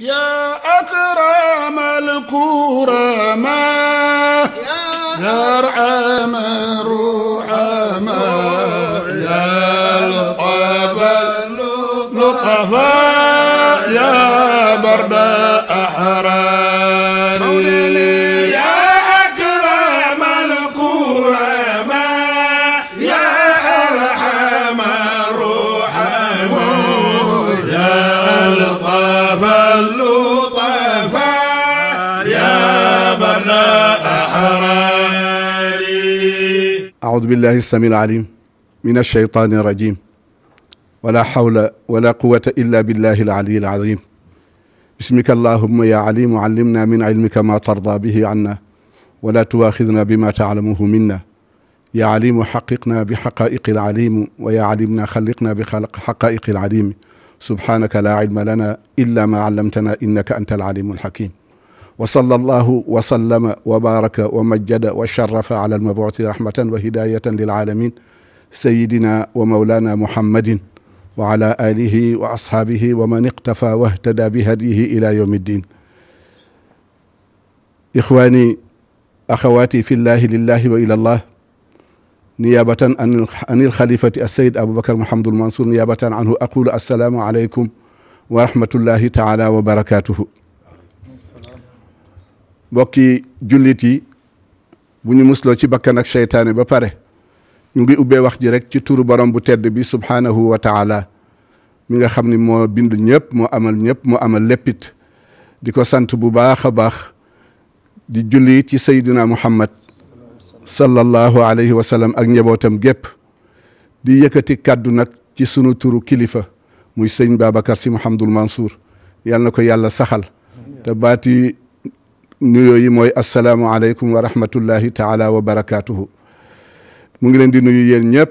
يا أكرم الكرماء يا أرحم الرحماء يا القبل لطفاء يا برد أحرام أعوذ بالله السميع العليم من الشيطان الرجيم ولا حول ولا قوة إلا بالله العلي العظيم بسمك اللهم يا عليم علمنا من علمك ما ترضى به عنا ولا تواخذنا بما تعلمه منا يا عليم حققنا بحقائق العليم ويا علمنا خلقنا بخلق حقائق العليم سبحانك لا علم لنا إلا ما علمتنا إنك أنت العليم الحكيم wa sallallahu wa sallama wa baraka wa majjada wa sharafa ala almabuuti rahmatan wa hidayatan lil alamin sayidina wa mawlana muhammadin wa ala alihi wa ashaabihi wa man iqtafa wahtada bi hadiyihi ila yawmi ddin ixwaani axawaati fi llahi lillahi wa ila llah niyaabatan an ilxalifati assayid aboubakar mouhamadul mansour niyaabatan anhu aqulu assalaamu aleykum wa rahmatullahi taala wa barakatuhu mbokki jullit yi bu ñu musloo ci bakka ak seytaane ba pare ñu ngi ubbee wax ji rekk ci turu borom bu tedd bi subhaanahu wa taala mi nga xam ni moo bind ñëpp moo amal ñëpp moo amal léppit di ko sant bu baax a baax di julli ci sayduna muhammad sallallahu alayhi wa sallam ak njabootam gépp di yëkkati kàddu nag ci sunu turu kilifa muy sëñ Babacar si Mouhamadul Mansour yal na ko yàlla saxal te baati nuyoo yi mooy asalaamualeykum wa rahmatullahi taala wa barakaatuhu mu ngi leen di nuyu yéen ñëpp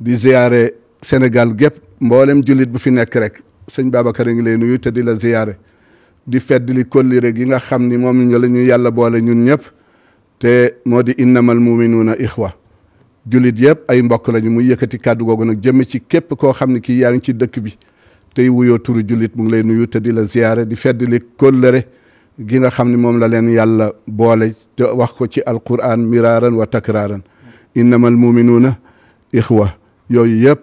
di ziyaare Sénégal gépp mboolem jullit bu fi nekk rek sëñ Babacar a ngi lay nuyu te di la ziyaare di fedd li kóllire gi nga xam ni moom la ñu yàlla boole ñun ñëpp te moo di innamal muminuuna ixwa jullit yëpp ay mbokk lañu muy yëkkati kàddu googu nag jëm ci képp koo xam ne kii yaa ngi ci dëkk bi tey wuyoo turu jullit mu ngi lay nuyu te di la ziyaare di fedd li kóllëre gi nga xam ni moom la leen yàlla boole wax ko ci alquran miraaran wa takraaran innamal muminuuna ixwa yooyu yëpp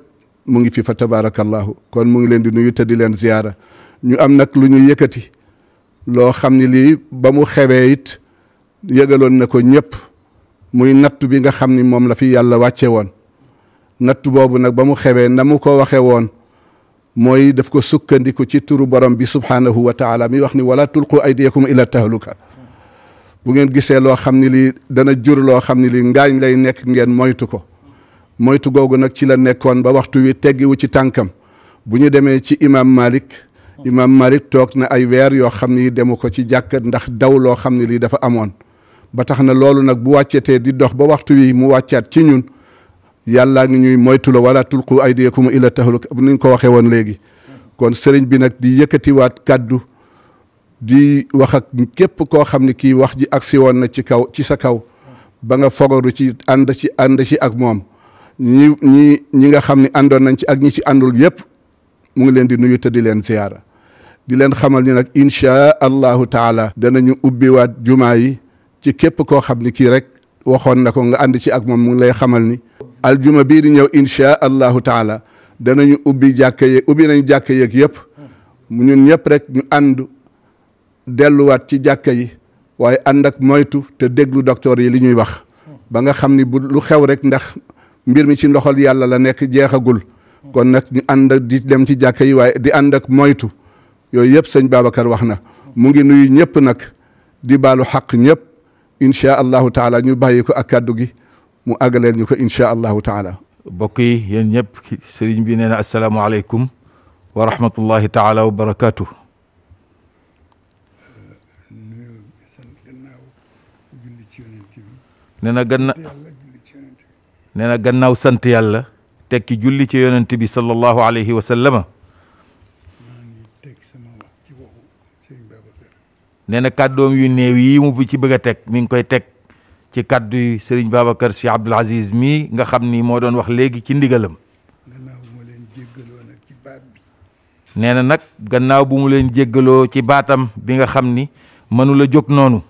mu ngi fi fa tabaarakallahu kon mu ngi leen di nuyu te di leen ziyaara ñu am nag lu ñu yëkkati loo xam ni lii ba mu xewee it yëgaloon na ko ñëpp muy nattu bi nga xam ni moom la fi yàlla wàcce woon nattu boobu nag ba mu xewee na mu ko waxe woon mooy daf ko sukkandiku ci turu borom bi subhanahu wa taala mi wax ni wala tulqu aydiyakum ila tahluka bu ngeen gisee loo xam ne lii dana jur loo xam ne lii ngaañ lay nekk ngeen moytu ko moytu googu nag ci la nekkoon ba waxtu wi teggiwu ci tànkam bu ñu demee ci imam malik imam malik toog na ay weer yoo xam ni demu ko ci jàkkat ndax daw loo xam ne lii dafa amoon ba tax na loolu nag bu wàccetee di dox ba waxtu wi mu wàccaat ci ñun yàllaa ngi ñuy moytuloo wala tulqu aydiyakum ila tahluk ni ñu ko waxee woon léegi kon sëriñ bi nag di yëkkatiwaat kàddu di wax képp koo xam ne kii wax ji agsi woon na ci kaw ci sa kaw ba nga fogoru ci ànd ci ànd ci ak moom ñi ñi ñi nga xam ne àndoon nañ ci ak ñi ci àndul yépp mu ngi leen di nuyu te di leen ziyaara di leen xamal ni nag inchaa allahu taala danañu ubbiwaat jumaa yi ci képp koo xam ne kii rek waxoon na ko nga ànd ci ak moom mu ngi lay xamal ni aljuma bii di ñëw insha allahu taala danañu ubbi jàkka yeeg ubbi nañ jàkka yeeg yëpp ñun ñëpp rek ñu ànd delluwaat ci jàkka yi waaye ànd ak moytu te déglu docteur yi li ñuy wax ba nga xam ni bu lu xew rek ndax mbir mi ci ndoxal yàlla la nekk jeexagul kon nag ñu ànd di dem ci jàkka yi waaye di ànd moytu yooyu yëpp sëñ Babacar wax na mu ngi nuyu ñëpp nag di baalu xaq ñëpp incha allahu taala ñu bàyyi ko ak kàddu gi mu àggaleel ñu ko incha allahu taala. mbokk yi yéen ñëpp sëriñ bi nee na asalaamaaleykum wa rahmatullahi taala wa barakaatu. nee na gannaaw sant yàlla tekki julli ci yonent bi sallallahu alayhi wa sallama nee na kàddoom yu néew yii mu ci bëgg a teg mi ngi koy teg ci kàddu yi Serigne Babacar Sy Abdoul Aziz mii nga xam ni moo doon wax léegi ci ndigalam. nee na nag gannaaw bu mu leen jéggaloo ci baatam bi nga xam ni mënula jóg noonu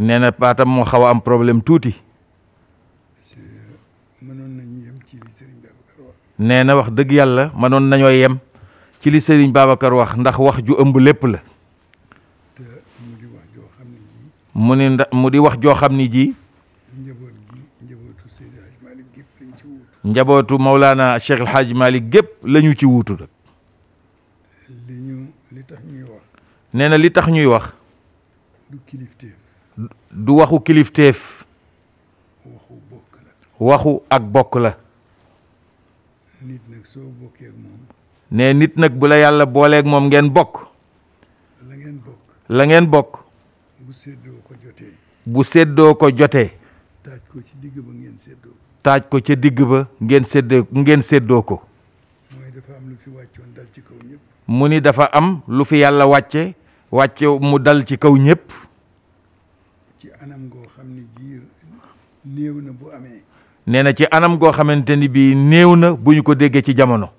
nee na baatam mu xaw a am problème tuuti nee na wax dëgg yàlla mënoon nañoo yem ci li Serigne Babacar wax ndax wax ju ëmb lépp la mu ne ndax mu di wax joo xam ni ji njabootu Maulana Cheikh El Hadj Malick gépp lañu ci wuutu nag nee li tax ñuy wax du waxu kilifteef waxu ak bokk la. nit nag soo bokkee ne nit nag bu la yàlla booleek moom ngeen bokk. la ngeen bokk. la bu seddoo ko jotee. bu ko taaj ko ci digg ba ngeen séddoo. ko ca digg ba ngeen séddoo ngeen séddoo ko. mooy lu fi ci kaw mu ni dafa am lu fi yàlla wàcce wàcce mu dal ci kaw ñëpp. ci anam goo xam ne jiir néew na bu amee. nee na ci anam goo xamante ni bii néew na bu ñu ko déggee ci jamono.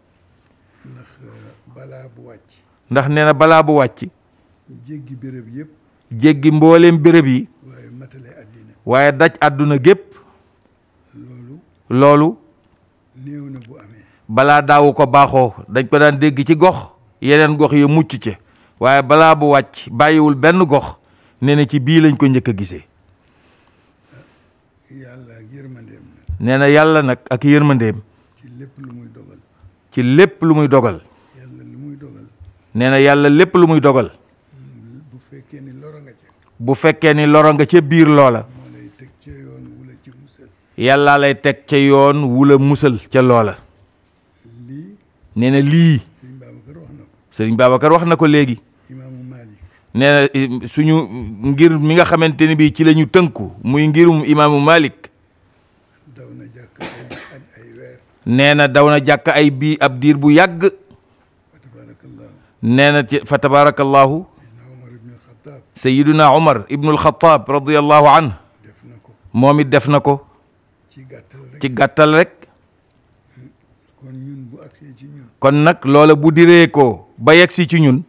ndax nee na balaa bu wàcc. jéggi mbooleem bërëb yi. waaye daj àdduna gépp. loolu. balaa daawu ko baaxoo dañ ko daan dégg ci gox yeneen gox yi mucc ca waaye balaa bu wàcc bàyyiwul benn gox nee na ci bii lañ ko njëkk a gisee. yàlla nee na yàlla nag ak yërmandeem. ci lépp lu muy dogal. nee na yàlla lépp lu muy dogal bu fekkee ni loro nga ca bu fekkee ni loro nga ca biir loola yàllaa lay teg ca yoon wula musal ca loola nee na lii sëriñ Babacar wax na ko léegi nee eh, suñu ngir mi nga xamante ni bii ci la ñu tënku muy ngirum imaamu Malik nee na daw na jàkk ay bii ab diir bu yàgg nee na fa tabaarakallaahu sayiduna Umar ibnul Xataab radiyallahu anhu moom it def na ko ci gàttal rek kon nag loola bu di diree ko ba yegsi ci ñun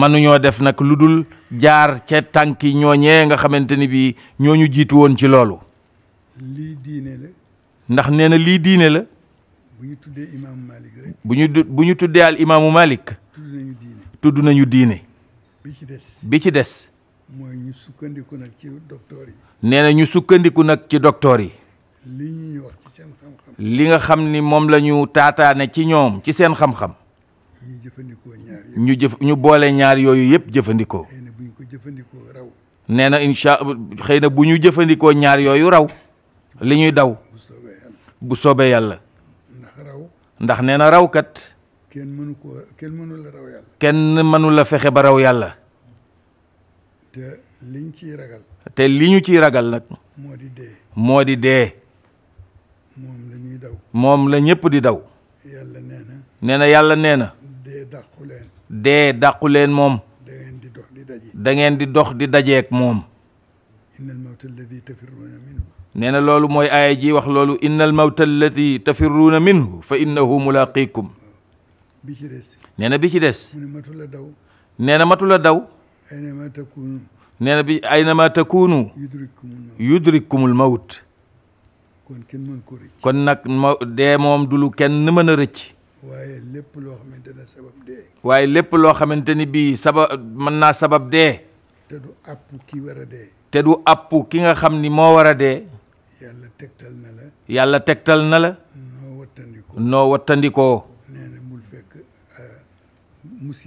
mënuñoo def nag lu dul jaar ca tànki ñooñee nga xamante ni bii ñu jiitu woon ci loolu ndax nee lii diine la bu ñu tuddee imaamu Malik bu ñu bu ñu tuddee al imaamu Malik. tudd nañu diine. tudd bi ci des bi ci des. mooy ñu sukkandiku nag ci docteur yi. nee na ñu sukkandiku nag ci docteur yi. li ñu wax ci seen xam-xam. nga xam ni moom la ñu taataane ci ñoom ci seen xam jëfandikoo ñu jëf ñu boole ñaar yooyu yëpp jëfandikoo. xëy na bu ko jëfandikoo raw. nee na incha xëy na bu ñu jëfandikoo ñaar yooyu raw. li ñuy daw. bu soobee yàlla. ndax nee na rawkat. kenn mënu ko kenn mënu raw yàlla. kenn mënu la fexe ba raw yàlla. te li ñu ciy ragal. te li ñu ciy ragal nag. moo di dee. di dee. moom la ñuy daw. moom la ñëpp di daw. nee na. yàlla nee na. dee dàqu leen. moom. da di dox di dox di dajeek moom. nee na loolu mooy aaya ji wax loolu inna al mawta alladi tafirruuna minhu fa innahu mulaqikum bi ci des na bi ci des mu ne matula daw nee na matula daw takunu nee na bi aynama takunu yudrikkumul mawt kon nag ma dee moom du lu kenn mën a rëcc waaye lépp loo xamante ne sabab dee ni bii sabab mën naa sabab dee te du app ki nga xam ni moo war a dee tegtal na la. yàlla tegtal na la. noo wattandikoo wattandikoo. nee na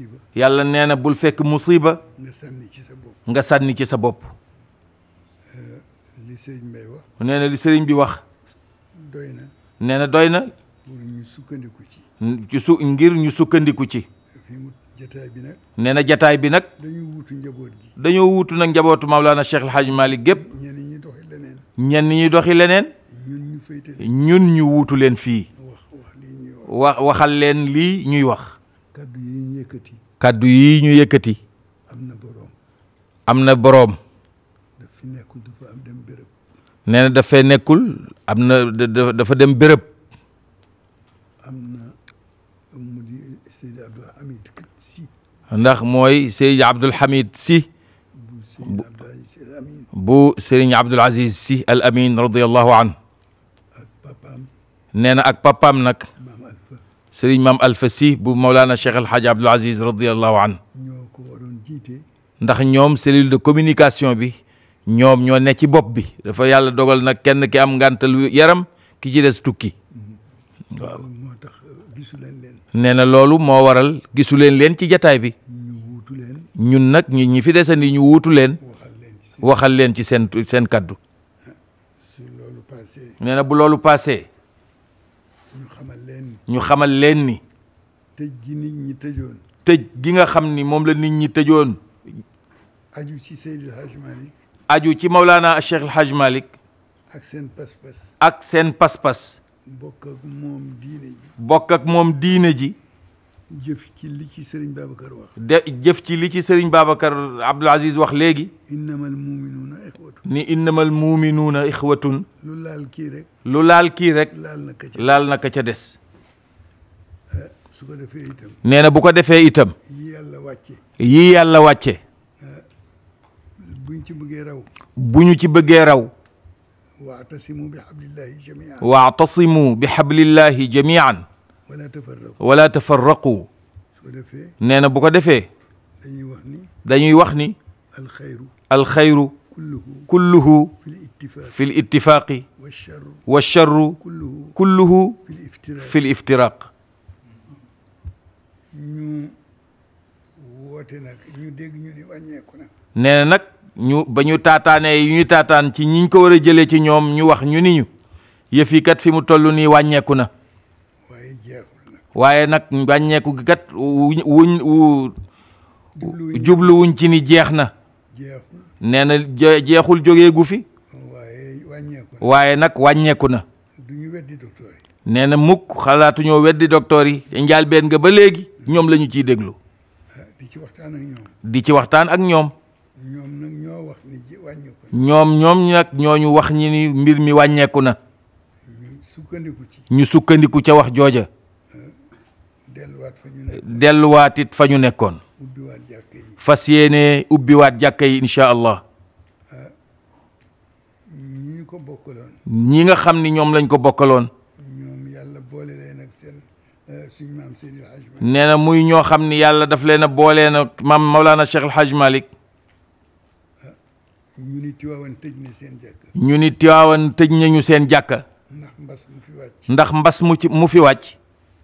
euh, yàlla nee na bul fekk musiba. nga sànni ci sa bopp. nga sànni ci sa bopp. Euh, li sëriñ nee na li sëriñ bi wax. doy nee na doy na. pour ñu sukkandiku ngir ñu sukkandiku ci. fi mu jataay bi nag. na jataay bi nag. dañoo wuutu njaboot dañoo wuutu nag njabootu Maulana Cheikh El Hadj Malick gépp. ñenn ñi doxi leneen ñun ñu wuutu leen fii wax waxal leen lii ñuy wax kàddu yi ñu yëkkati am na boroom am na boroom nee na dafay nekkul am na dafa dem bërëb ndax mooy Seydi Abdul Hamid Si bu Serigne Abdoul Aziz Al Amin radiyallahu anhu nee na ak papam nag Serigne mam Alfa si bu Mawlana Cheikh El Hadj Abdoul Aziz radiyallahu ndax ñoom cellule de communication bi ñoom ñoo ne ci bopp bi dafa yàlla dogal nag kenn ki am ngàntalu yaram ki ci des tukki mm-hmm. waaw uh, nee na loolu moo waral gisu leen leen ci jataay bi ñun nag ñu ñi fi desandi ñu wuutu leen waxal leen ci seen seen kaddu nee na bu loolu passé ñu xamal leen ni tëj gi tëj gi nga xam ni moom la nit ñi tëjoon aju ci Seydi aju ci Mawlana Cheikh El Hadj Malick ak seen pas-pas ak seen pas moom diine ji bokk ak moom diine ji jëf ci li ci sëriñ Babacar wax. jëf ci li ci sëriñ Babacar Abdoul Aziz wax léegi. innamal muuminuuna ixwatun. ni innamal muuminuuna ixwatun. lu laal kii rek. lu laal kii rek. laal na ka ca laal na des. Eh, su ko defee itam. nee na bu ko defee itam. yii yàlla yàlla wàcce. Eh, buñ ci bëggee raw. buñu ci bëggee raw. waatasimu bi xablillahi jamian. wala tafarraqu nee na bu ko defee dañuy wax ni dañuy wax ni alxayru kulluhu fi l ittifaaqi wacharru kulluhu fi l iftiraaq ñu woote nag ñu dégg ñu ni ñu ba taataan ci ñiñ ko war a jëlee ci ñoom ñu wax ñu ni ñu yëf kat fi mu toll nii wàññeeku na waaye nag wàññeeku gi kat wuñ jubluwuñ ci ni jeex na nee na jeexul jógee gu fi waaye nag wàññeeku na nee na mukk xalaatuñoo weddi docteur yi njaal benn nga ba léegi ñoom lañu ciy déglu ah, di ci waxtaan ak ñoom ñoom ñoom nag ñooñu wax ñi ni mbir mi wàññeeku na ñu sukkandiku ca wax jooja delluwaatit fa ñu nekkoon fas yéene ubbiwaat jàkka yi incha allah ah, ñi nga xam ni ñoom lañ ko bokkaloon eh, nee na muy ñoo xam ni yàlla daf leen a boolee na maam Maulana Cheikh El Hadj Malick ah, ñu ni Tiwaawan tëj ñu ni Tiwaawan nañu seen jàkka ndax mbas mu mbas mu ci mu fi wàcc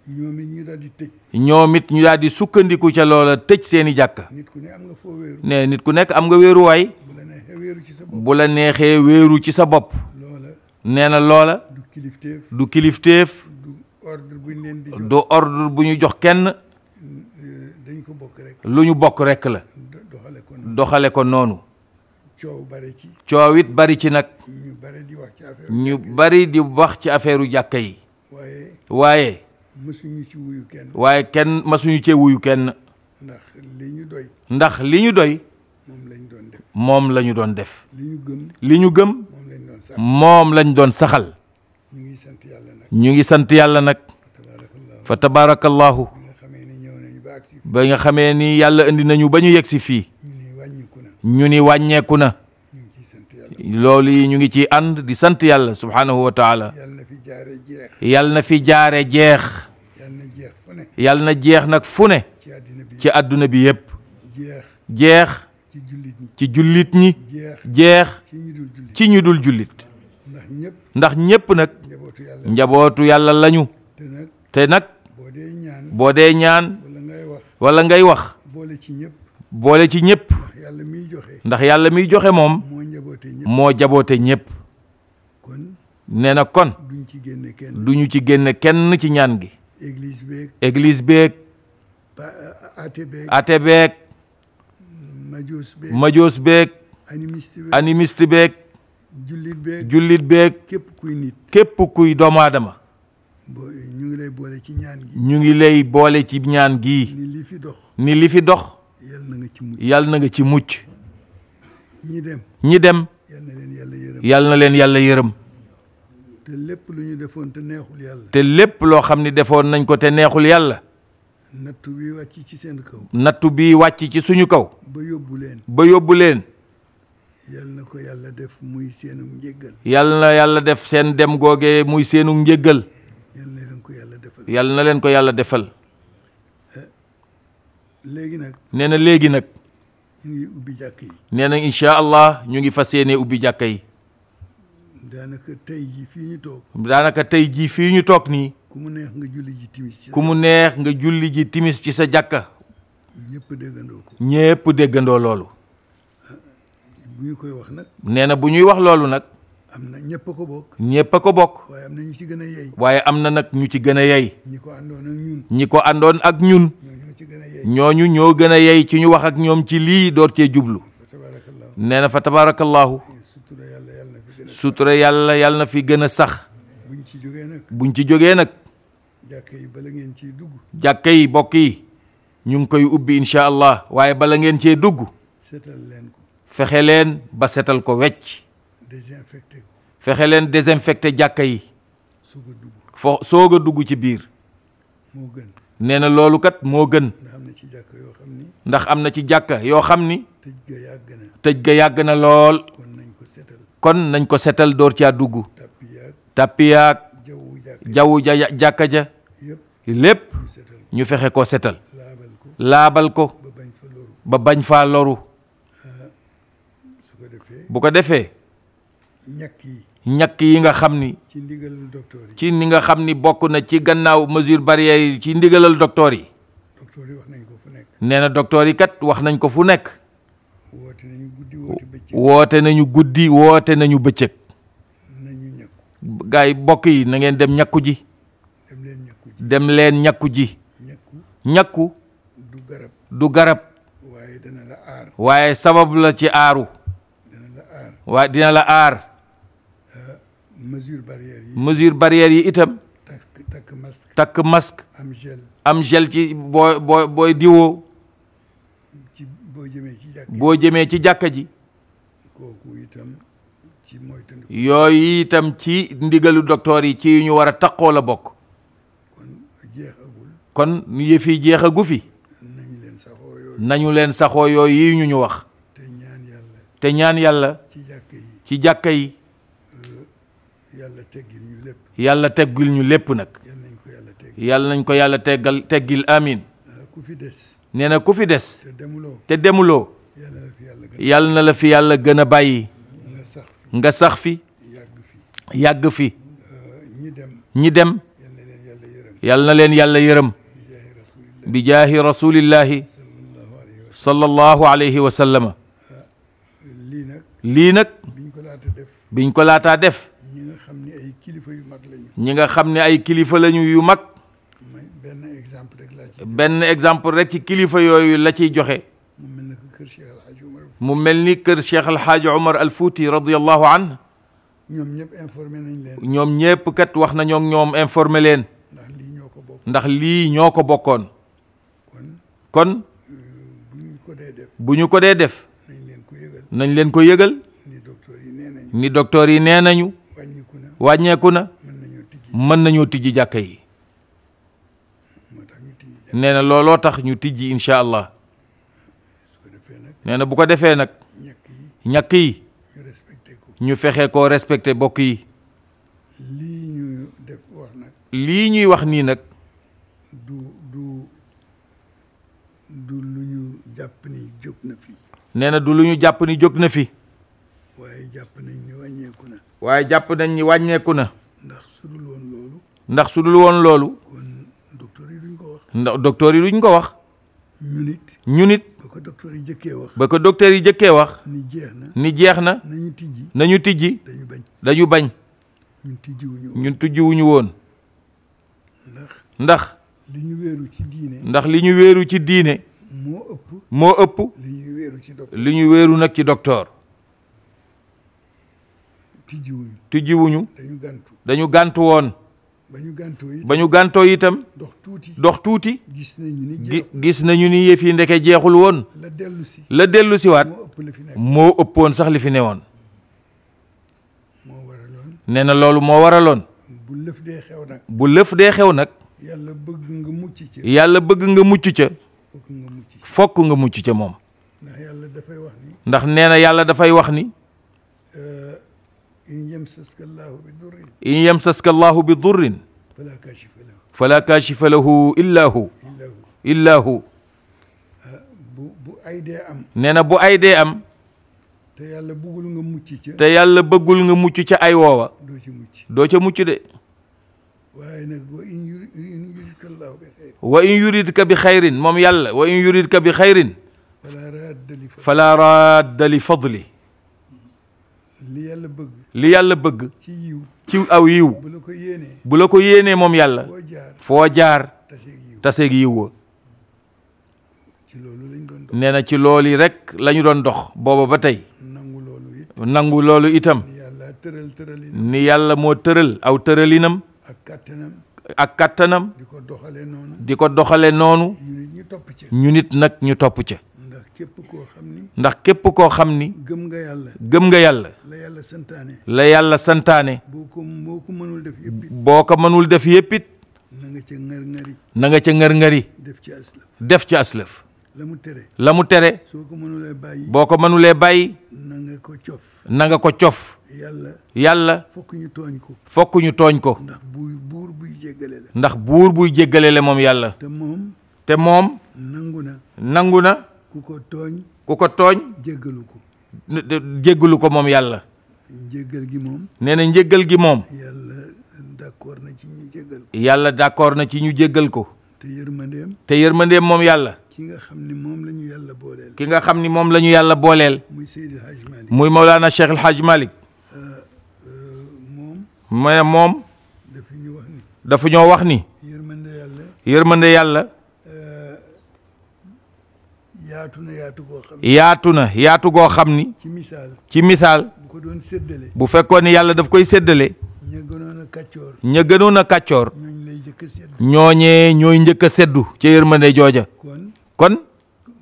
ñoom ñu daal tëj. ñoom it ñu daal di sukkandiku ca loola tëj seeni i jàkk. nit ku am nga nit ku nekk am nga wéeruwaay. waay la ci sa bu la neexee weeru ci sa bopp. nee na loola. du kilifteef du kilifteef. ordre bu ñu jox kenn. dañ ko bokk lu ñu bokk rek la. doxale ko noonu coow it bari ci nag. ñu bari di wax ci affaire ñu bari jàkka yi. waaye. masuñu ci kenn. waaye kenn masuñu cee wuyu kenn. ndax li ñu doy. ndax li ñu doy. moom lañ doon def doon def. li ñu gëm li ñu gëm. moom lañ doon saxal. ñu ngi sant yàlla nag ngi sant yàlla nag. fa tabaarakallaahu. ba nga xamee ni yàlla indi nañu ba ñu yegg si fii. ñu ni wàññeeku na. loolu yi ñu ngi ciy ànd di sant yàlla subhaanahu wa taala. yàlla na fi jaare jeex. yàlla na jeex nag fu ne ci àdduna bi yépp jeex ci jullit ñi jeex ci ñu dul jullit ndax ñépp nag njabootu yàlla lañu te nag boo dee ñaan wala ngay wax boole ci ñépp ndax yàlla miy joxe moom moo jaboote ñépp nee na kon du ñu ci génne kenn ci ñaan gi église beeg. église beeg. até beeg. até majoos beeg. majoos beeg. jullit beeg. jullit beeg. képp kuy nit. képp kuy doomu aadama. ñu ngi lay boole ci ñaan gi. ñu ngi lay boole ci ñaan gi. ni li fi dox. li fi dox. yal na nga ci mucc na nga ci mucc. ñi dem. ñi dem. yal yal na leen yàlla yërëm. te lépp lu ñu defoon te yàlla. te lépp loo xam ni defoon nañ ko te neexul yàlla. nattu bi wàcc ci seen kaw. nattu bi wàcc ci suñu kaw. ba yóbbu leen. ba yóbbu leen. yàlla na ko yàlla def muy seenu njëggal. yàlla yàlla def seen dem googee muy seenu njëggal. yàlla na leen ko yàlla defal. yàlla na leen ko yàlla defal. Eh, léegi nag. nee na léegi nag. ñu ngi ubbi jàkk yi. nee na incha allah ñu ngi fa yéenee ubbi jàkk yi. daanaka tey jii fii ñu toog. daanaka tey jii fii ñu toog nii. ku mu neex nga julli ji timis ci mu neex nga julli ji timis ci sa jàkka. ñépp déggandoo ko. déggandoo loolu. bu koy wax nag. nee na bu ñuy wax loolu nag. am na ñëpp ko bokk. a ko bokk. waaye am na ci gën a yey. waaye am na nag ñu ci gën a yey. ñi ko àndoon ak ñun. ñi ko àndoon ak ñun. ñooñu ñoo gën a yey ci ñu wax ak ñoom ci lii door cee jublu. nee fa tabaarakallaahu sutura yàlla yàlla na fi gën a sax buñ ci jógee nag buñ ci jógee nag jàkka yi bala ngeen ciy dugg jàkka yi bokk yi ñu ngi koy ubbi incha allah waaye bala ngeen cee dugg setal leen ko fexe leen ba setal ko wecc désinfecté fexe leen désinfecté jàkka yi soog dugg soog a dugg ci biir moo na loolu kat moo gën ndax am na ci jàkka yoo xam ni tëj tëj ga yàgg na lool kon nañ ko setal dóor caa dugg tappiyaak jaww ja jàkka ja lépp ñu fexe ko setal laabal ko ba bañ faa loru bu ko defee ñàkk yi nga xam ni ci ni nga xam ni bokk na ci gannaaw mesure barrière yi ci ndigalal docteur yi nee na docteur yi kat wax nañ ko fu nekk woote nañu guddi woote nañu guddi woote nañu bëccëg. nañu ñàkku. yi bokk yi na dem ñakku ji. dem leen ji dem leen ñàkku ji. ñàkku. du garab garab. waaye dana la sabab la ci aaru. waa dina la aar. Ah, mesure barrière yi itam. takk masque takk am gel am gel ci booy booy diwoo. boo jëmee ci jàkka ji. kooku itam ci moytandiku. itam ci ndigalu doktoor yi ci yu ñu war a taqoo la bokk. kon jeexagul. jeexagu fi. nañu leen saxoo yooyu. yi ñu ñu wax. te ñaan yàlla. ci jàkka yi ci jàkka euh, yàlla teggil ñu lépp. yàlla nag. yàlla nañ ko yàlla teggal. yàlla teggil amiin. Euh, ku fi des. nee na ku fi des te demuloo yàlla na la fi yàlla gën a bàyyi nga sax fi yàgg fi euh, ñi dem yàlla na leen yàlla yërëm bi jaahi rasulillahi sallallahu alayhi wa euh, lii nag biñ ko laataa def ñi nga xam ne ay kilifa lañu yu mag benn exemple rek ci kilifa yooyu la ciy joxe mu mel ni kër Cheikh El Hadj Omar Al Fouti radiyallahu an ñoom ñëpp informé kat wax nañook ñoom informé leen. ndax lii ñoo ko lii ñoo ko bokkoon. kon bu ñu ko dee def nañ leen ko yëgal nañ ni docteur yi nee nañu ni wàññeeku na mën nañoo tijji jàkka yi nee na looloo tax ñu tijji incha allah nee na bu ko defee nag ñàkk yi ñu fexe koo respecté bokk yi lii ñuy wax lii ñuy wax nii nag du du du lu ñu jàpp ni jóg na fi du lu ñu jàpp ni jóg na fi waaye jàpp nañ ni wàññeeku na waaye jàpp nañ ni wàññeeku na ndax su dul woon loolu ndax docteur yi luñ ko wax. ñun it ñun it. ba ko docteur yi jëkkee wax. ni jeex na na. nañu tijji nañu dañu bañ dañu bañ. ñun woon ndax. ndax. li ñu wéeru ci diine. ndax li ñu ci diine. moo ëpp. moo li ñu wéeru nag ci docteur. tijjiwuñu tijjiwuñu. dañu gàntu dañu gàntu woon. ba ñu gàntoo gàntoo itam. dox tuuti tuuti. gis nañu ni gis nañu ni yëf yi ndeke jeexul woon. la dellu si la waat. moo ëppoon sax li fi newoon. nee na loolu moo waraloon. bu lëf dee xew nag. bu lëf dee xew nag. yàlla bëgg nga mucc ca. yàlla bëgg nga mucc ca. fokk nga mucc ca moom. ndax nee na yàlla dafay wax ni. in yamsaska allahu bi durrin in yamsaska allahu bi durrin falaa kaashifa lahu falaa hu illaa hu bu bu ay am nee na bu ay am te bëggul nga mucc ca yàlla bëggul nga mucc ca ay woowa doo ca mucc de waaye nag wa in yuridka allahu bi moom yàlla wa in yuridka bi xayrin falaa raadda li fadli li yàlla bëgg ci aw yiw bu la ko yéenee moom yàlla foo jaar taseeg yiw wa nee na ci loolu rek la ñu doon dox booba ba tey nangu loolu itam ni yàlla moo tëral aw tëralinam ak kàttanam di ko doxale noonu ñu nit nag ñu topp ca ndax képp koo xam ni. gëm nga yàlla. gëm nga yàlla. la yàlla santaane. la yàlla santaane. boo ko boo ko mënul def yëpp it. boo ko def na nga ca ngër-ngëri. def ci def ci aslëf. la mu tere. la mu tere. soo ko mënulee boo ko mënulee bàyyi. na nga ko cof. nanga ko cof. yàlla. yàlla. fokk ñu tooñ ko. fokk ndax buur buy jéggale la. moom yàlla. te moom. te moom. nangu na. nangu na. ku ko tooñ ku ko tooñ jéggalu ko jéggalu ko moom yàlla njéggal gi moom nee na njéggal gi moom yàlla d'accord na ci ñu jéggal ko na ci ñu jéggal ko te yërmandeem te yërmandeem moom yàlla ki nga xam ni moom la ñu yàlla booleel ki nga xam ni moom la ñu yàlla booleel muy Seydil muy Mawlana Cheikh El Hadj Malick euh, euh, moom moom dafa ñu wax ni yërmande yàlla yaatu na yaatu goo xam ni yaatu na yaatu goo xam ni. ci misaal ci misaal. bu ko doon séddale. bu fekkoon ni yàlla daf koy séddale. ña gënoon a ña gënoon a kàccoor. ñooñ lay njëkk a séddu. ñooñee ñooy njëkk a séddu. ca yërmande jooja. kon kon.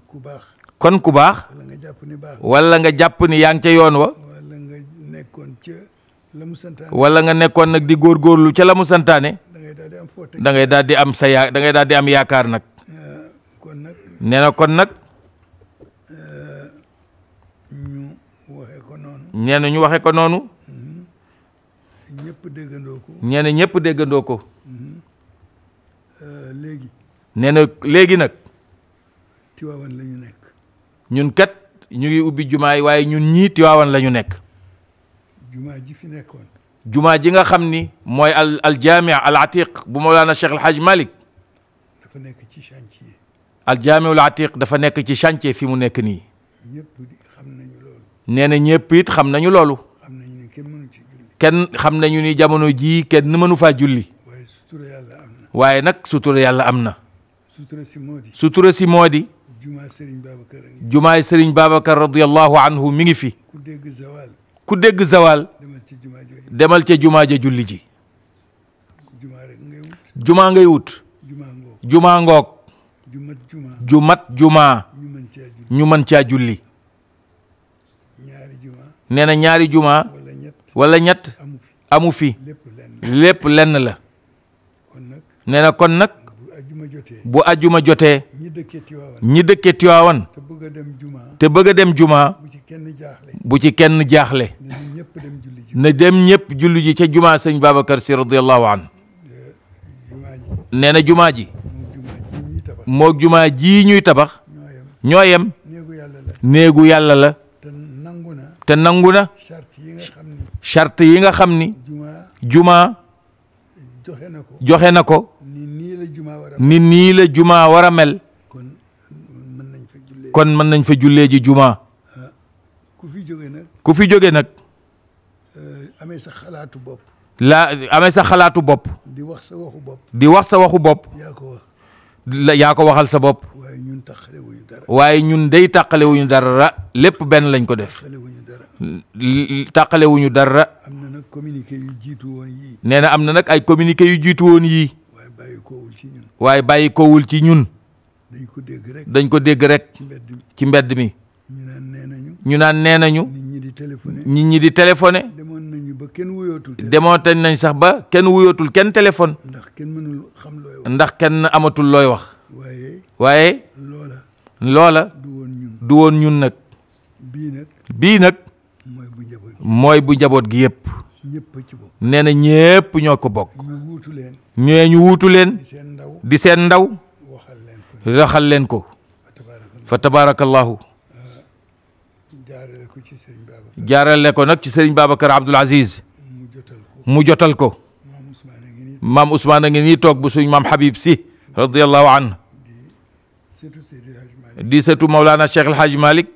ku baax kon ku baax. wala nga jàpp ni baax. wala nga jàpp ni yaa ngi ca yoon wa. wala nga nekkoon ca la mu santaane. wala nga nekkoon nag di góor góorgóorlu ca la mu santaane. da ngay di am sa yaa ngay daal di am yaakaar nag. kon eh, kon nag. nee na ñu waxe ko noonu mm-hmm. ñëpp déggandoo ko ñëpp déggandoo ko mm-hmm. uh, léegi nee na léegi nag tiwaawan la ñu nekk ñun kat ñu ngi ubbi jumaa yi waaye ñun ñii tiwaawan lañu nekk jumaa ji fi nekkoon jumaa ji nga xam ni mooy al al jaamia al atiq bu Mawlana Cheikh El Hadj Malick dafa nekk ci chantier al jaamia al atiq dafa nekk ci chantier fi mu nekk nii nee na ñëpp it xam nañu loolu kenn xam nañu ni jamono jii kenn mënu faa julli waaye nag sutura yàlla am na sutura si moo di jumaay sëriñ Babacar radiyallahu anhu mi ngi fi ku dégg zawal demal ca jumaa ja julli ji jumaa ngay wut jumaa ngoog ju mat jumaa ñu mën caa julli nee na ñaari juma walla ñett amu fi lépp lenn la nee na kon nag bu ajuma jotee ñi dëkkee Tiwaawan te bëgg a dem juma bu ci kenn jaaxle na dem ñëpp julli ji ca juma sëñ Babacar si radiyallahu an neena jumaa ji moo juma jii ñuy tabax ñoo yem néegu yàlla la te nangu na charte yi nga xam ni jumaa joxe na ko ni nii la jumaa war a mel kon mën nañ fa jullee ji juma ah, ku fi jóge nag ku fi jóge nag eh, amee sa xalaatu bopp laa amee sa xalaatu bopp di wax sa waxu bopp di wax sa waxu bopp yaa ko yaa ko waxal sa bopp waaye ñun tàqalewuñu dara waaye ñun day tàqalewuñu dara lépp benn lañ ko def tàqalewuñu dara. am na nag communiqué yu yii. nee na am na nag ay communiqué yu jiitu woon yii. waaye bàyyi koowul ci ñun. waaye bàyyi koowul ci ñun. dañ ko dégg rek. dañ ko dégg rek. ci mbedd mi ñu naan nee nañu. ñu naan nee nañu. nit ñi di téléphoné. nit ñi di téléphoné. demoon nañu ba kenn wuyootul. demoon nañ sax ba kenn wuyootul kenn téléphone. ndax kenn mënul xam ndax kenn amatul looy wax. waaye. waaye. loola. loola. du woon ñun nag. bii nag. bii nag. mooy bu njaboot gi yëpp nee na ñépp ñoo ko bokk ñee ñu wuutu leen di seen ndaw raxal leen ko fa tabaarakallaahu ah, jaarale ko nag ci sëriñ Babacar Abdoul Aziz mu jotal ko maam Ousmane a ngi nii toog bu suñ maam Habib si radiyallahu anhu di sëtu Mawlana Cheikh El Hadj Malick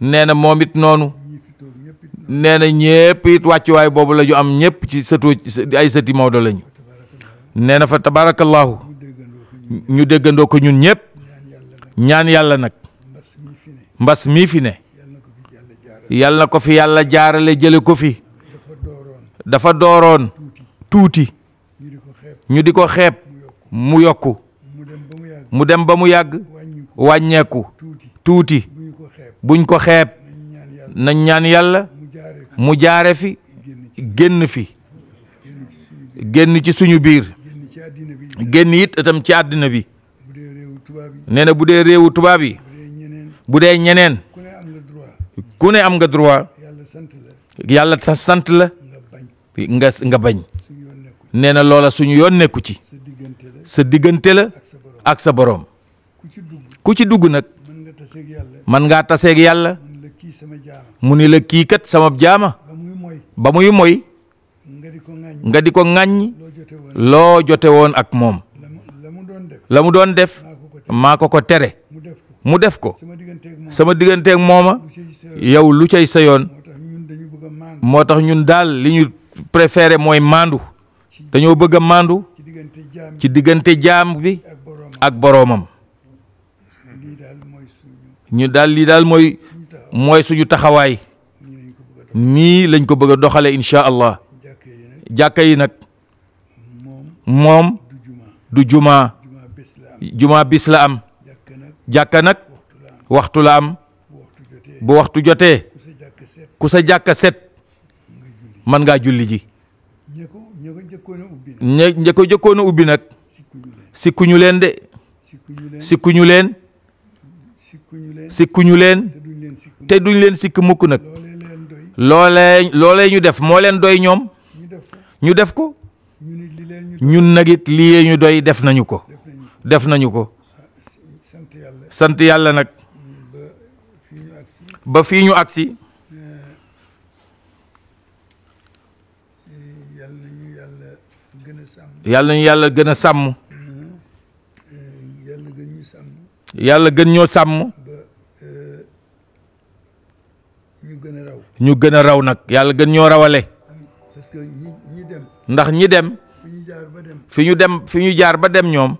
nee na moom it noonu nee na ñëpp it wàccuwaay boobu la ñu am ñëpp ci sëtu ay sëti Maodo lañu nee na fa tabaarakallaahu ñu déggandoo ko ñun ñëpp ñaan yàlla nag mbas mii fi ne yàlla na ko fi yàlla jaarale jële ko fi dafa dooroon tuuti ñu di ko xeeb mu yokk mu dem ba mu yàgg wàññeeku tuuti buñ ko xeeb nañ ñaan yàlla mu jaare fi génn fi génn ci suñu biir génn it itam ci àddina bi nee na bu dee réewu tubaab yi bu dee ñeneen ku ne am nga droit yàlla sant la nga nga bañ nee na loola suñu yoon nekku ci sa diggante la ak sa boroom ku ci dugg nag mën ngaa taseeg yàlla mu ni la kii kat sama jaama ba muy moy nga di ko ŋàññ loo jote woon ak moom la mu doon def maa ko tere mu def ko sama digganteeg mooma yow lu cay sa yoon moo tax ñun daal li ñu préféré mooy maandu dañoo bëgg a maandu ci diggante jaam bi ak boroomam ñu daal lii daal mooy mooy suñu taxawaay nii lañ ko bëgg a doxale incha allah jàkka yi nag moom du jumaa jumaa bis la am jàkka nag waxtu la am bu waxtu jotee ku sa jàkka set mën ngaa julli ji ña ubbi nag sikkuñu leen de sikkuñu leen sikkuñu leen te duñ leen sikk mukk nag loolee loolee ñu def moo leen doy ñoom ñu def ko ñun nag it lii ñu doy def nañu ko def nañu ko sant yàlla nag ba fii ñu agsi eh, yàlla ñu yàlla gën a sàmm yàlla gën ñoo sàmm ñu gën a raw nag yàlla gën ñoo rawale ndax ñi dem fi ñu dem fi ñu jaar ba dem ñoom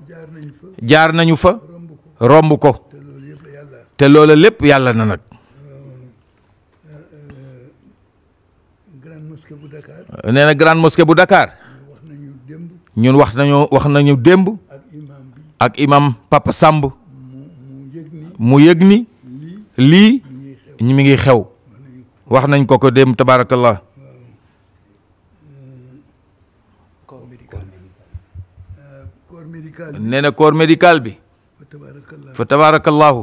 jaar nañu fa romb ko te loola lépp yàlla na nag euh, euh, nee na grande mosquée bu Dakar ñun wax nañoo wax nañu démb ak imam Papa Samb mu yëg ni lii ñu ngi xew wax nañ ko ko dem tabaarakallah nee corps médical bi fa tabaarakallahu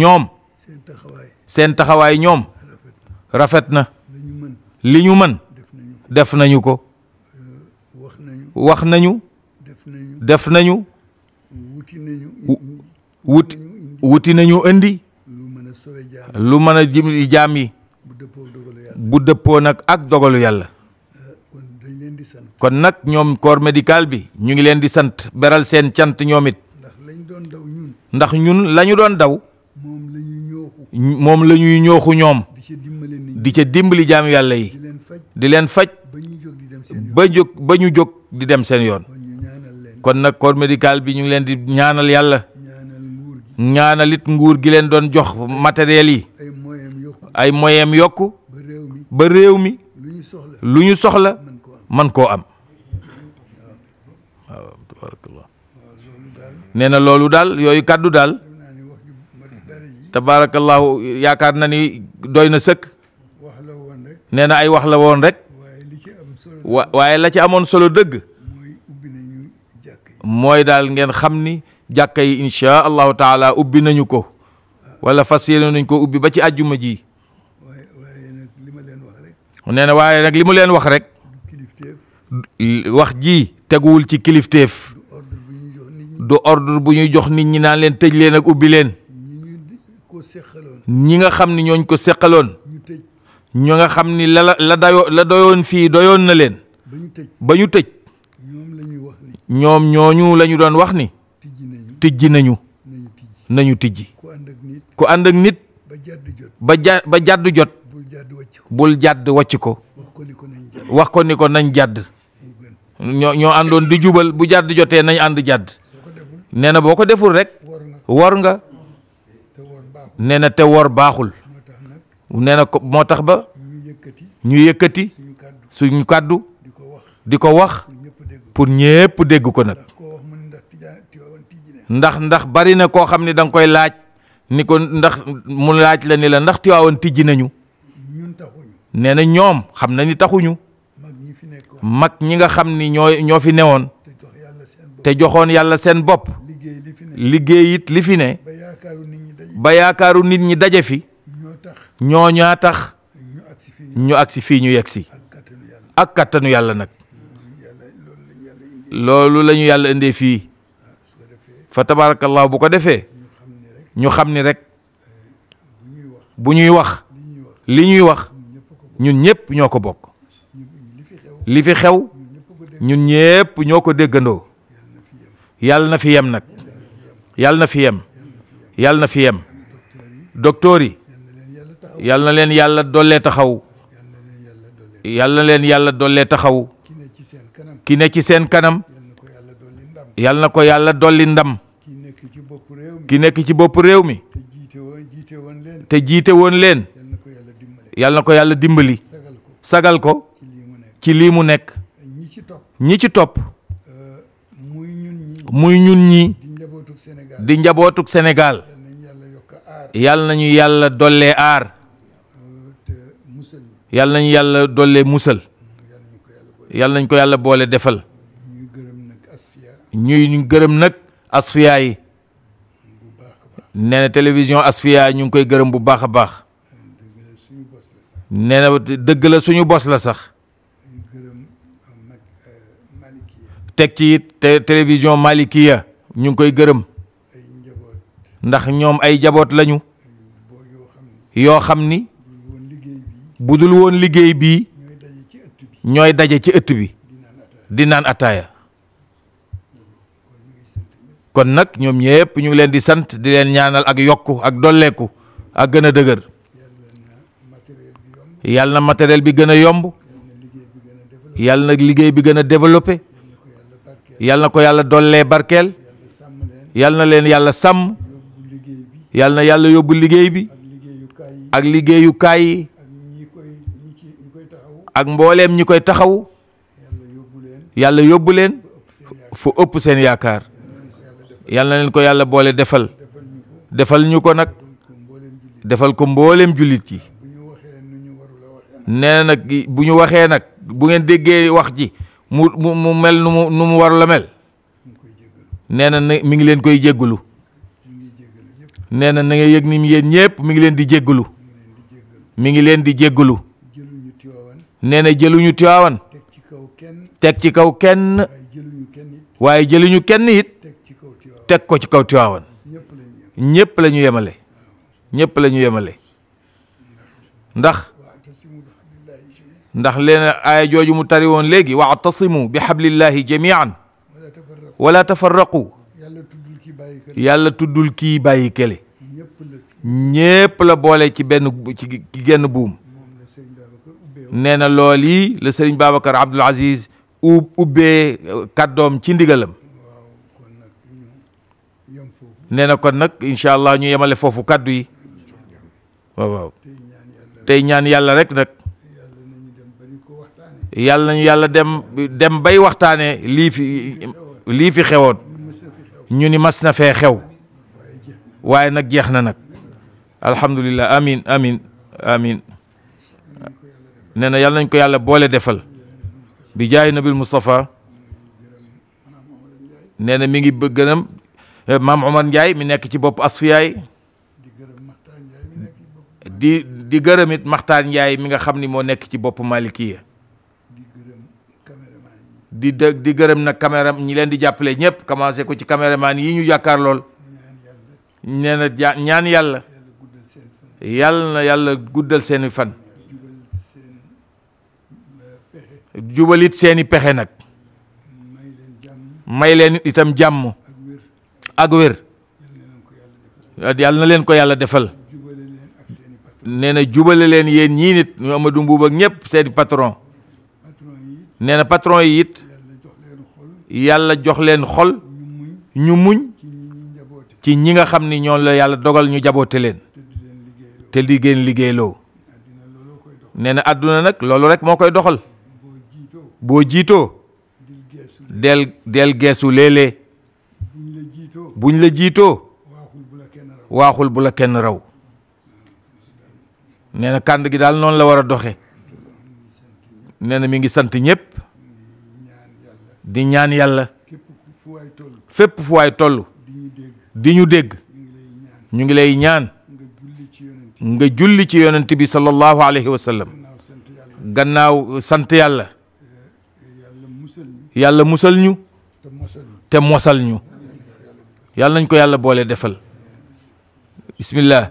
ñoom mhm. seen taxawaay ñoom rafet na li ñu mën def nañu ko wax nañu def nañu wuti wuti nañu indi lu mën a jëm jaam yi bu dëppoo nag ak dogalu yàlla eh, kon nag ñoom corps médical bi ñu ngi leen di sant beral seen cant ñoom it ndax ñun la ñu doon daw moom lañuy ñuy ñooxu ñoom di ca dimbali jaam yàlla yi di leen faj ba jóg ba ñu jóg di dem seen yoon kon nag corps médical bi ñu ngi leen di ñaanal yàlla ñaanalit nguur gi leen doon jox matériel yi ay moyem yokku ba réew mi lu ñu soxla man koo am waaw nee na loolu daal yooyu kàddu daal tabarakallahu yaakaar na ni doy na sëkk nee na ay wax la woon rek waaye la ci amoon solo dëgg mooy daal ngeen xam ni jàkka yi incha allahu taala ubbi nañu ko wala fas yéene nañ ko ubbi ba ci àjjuma ji nee na waaye nag li mu leen wax rek wax ji teguwul ci kilifteef du ordre bu ñuy jox nit ñi naan leen tëj leen ak ubbi leen ñi nga xam ni ñooñ ko seqaloon ñoo nga xam ni la la dayoo fii doyoon na leen ba ñu tëj ñoom ñooñu lañu ñu doon wax ni tijji nañu nañu tijji ku ànd ak nit ba ba jàdd jot bul jàdd wàcc ko wax ko ni ko nañ jàdd ñoo ñoo àndoon di jubal bu jàdd jotee nañ ànd jàdd nee na boo ko deful rek wor nga nee na te wor baaxul nee na ko moo tax ba ñu yëkkati suñu kàddu di ko wax pour ñépp dégg ko nag ndax ndax bari na koo xam ne danga koy laaj ni ko ndax mu laaj la ni la ndax Tiwaawan tijji nañu nee na ñoom xam na ni taxuñu mag ñi nga xam ni ñoo ñoo fi newoon te joxoon yàlla seen bopp liggéey it li fi ne ba yaakaaru nit ñi daje fi ñoo ñaa tax ñu agsi fii ñu yegsi ak kàttanu yàlla nag loolu lañu yàlla indee fii fa tabaarakallaahu bu ko defee ñu xam ni rek bu ñuy wax li ñuy wax ñun ñëpp ñoo ko bokk li fi xew ñun ñëpp ñoo ko déggandoo yàlla na fi yem nag yàlla na fi yem yàlla na fi yem docteur yi yàlla na leen yàlla dollee taxaw yàlla na leen yàlla dollee taxaw ki ne ci seen kanam yàlla na ko yàlla dolli ndam ki nekk ci bopp réew mi te jiite woon leen yàlla na ko yàlla dimbali sagal ko ci lii mu nekk ñi ci topp euh, muy ñun ñi di njabootuk Sénégal yàlla nañu yàlla dollee aar euh, yàlla nañu yàlla dollee musal yàlla nañ ko yàlla boole defal ñuy gërëm nag asfiya yi nee télévision Asfiya ñu ngi koy gërëm bu baax a baax nee na dëgg la suñu bos la sax teg ci it télévision Malikiya ñu ngi koy gërëm ndax ñoom ay jaboot lañu yoo xam ni bu dul woon liggéey bii ñooy daje ci ëtt bi di naan ataaya kon nag ñoom ñëpp ñu ngi leen di sant di leen ñaanal ak yokk ak dolleeku ak gën a dëgër yàlla na matériel bi gën a yomb yàlla na liggéey bi gën a développé yàlla na ko yàlla dollee barkeel yàlla na leen yàlla sàmm yàlla na yàlla yóbbu liggéey bi ak liggéeyukaay yi ak mbooleem ñi koy taxaw yàlla yóbbu leen fu ëpp seen yaakaar yal na leen ko yàlla boole defal defal ñu ko nag defal ko mbooleem jullit yi nee nag bu ñu waxee nag bu ngeen déggee wax ji mu mu mel nu mu nu mu warul mel nee na mi ngi leen koy jéggalu nee na na nga yëg ni yéen ñëpp mi ngi leen di jéggalu mi ngi leen di jéggalu nee na jëluñu tiwaawan teg ci kaw kenn waaye jëluñu kenn it teg ko ci kaw Tiwaawan ñëpp la yemale ñëpp la yemale ndax ndax leen aaya jooju mu tari woon léegi wa'tasimu bi hablillahi jamian wala tafarraqu yàlla tuddul kii bàyyi kele ñépp la boole ci benn ci genn buum nee na lool yi la sëriñ Babacar Abdoul Aziz ubbee eh, kàddoom ci ndigalam nee na kon nag incha allah ñu yemale foofu kàddu yi waaw tey ñaan yàlla rek nag yàlla nañu yàlla dem dem bay waxtaane lii fi lii fi xewoon ñu ni mas na fee xew waaye nag jeex na nag alhamdulilah amiin amin amin nee na yàlla nañ ko yàlla boole defal bi jaay nabi Moustapha nee na mi ngi bëgganam Eh, maam Omar njaay mi nekk ci bopp Asfiyaay di di gërëm it Maxtaar Ndiaye mi nga xam ni moo nekk ci bopp Malikiya di dë di gërëm na caméra ñi leen di jàppale ñëpp commencé ko ci caméraman yi ñu yaakaar lool ñaan yàlla yàlla na yàlla guddal seeni fan jubalit seeni pexe nag may leen itam jàmm ak wér yàlla na leen ko yàlla defal nee na jubale leen yéen ñii nit ñu Amadou Mbuub ak ñëpp seeni patron nee na patron yi yit yàlla jox leen xol ñu muñ ci ñi nga xam ni ñoom la yàlla dogal ñu jaboote leen te di génn liggéeyloo nee na àdduna nag loolu rek moo koy doxal boo jiitoo del del geesu léeg-léeg buñ la jiitoo waaxul bu la kenn raw nee na kànd gi daal noonu la war a doxe nee na mi ngi sant ñépp di ñaan yàlla fépp fu waay toll di ñu dégg ñu ngi lay ñaan nga julli ci yonent bi sallallahu alayhi wa gannaaw sant yàlla eh, eh, yàlla musal ñu te mosal ñu yàlla nañ ko yàlla boole defal bismillah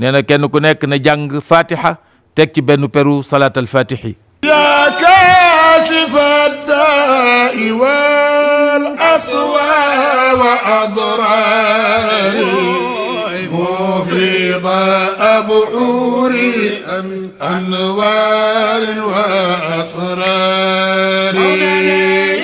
nee na kenn ku nekk na jàng fatiha teg ci benn peru salaatal fatihi yaa kaashifa daa'i wal aswaa wa adraari mufida abuuri anwaari wa asraari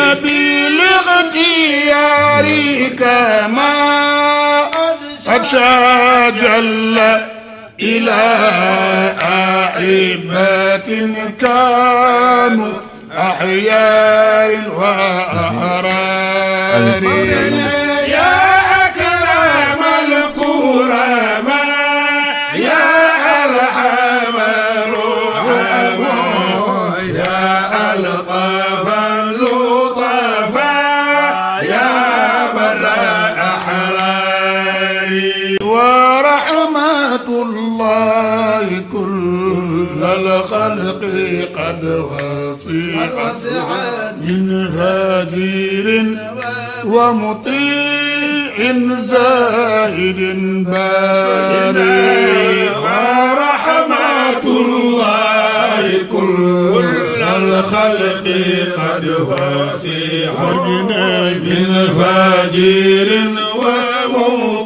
بالاختيارك ما أرشى جل إلى أحبة كانوا أحياء وأحرار وسعت من هادير ومطيع زاهد باري ورحمة الله كل الخلق قد وسعت من هادير ومطيع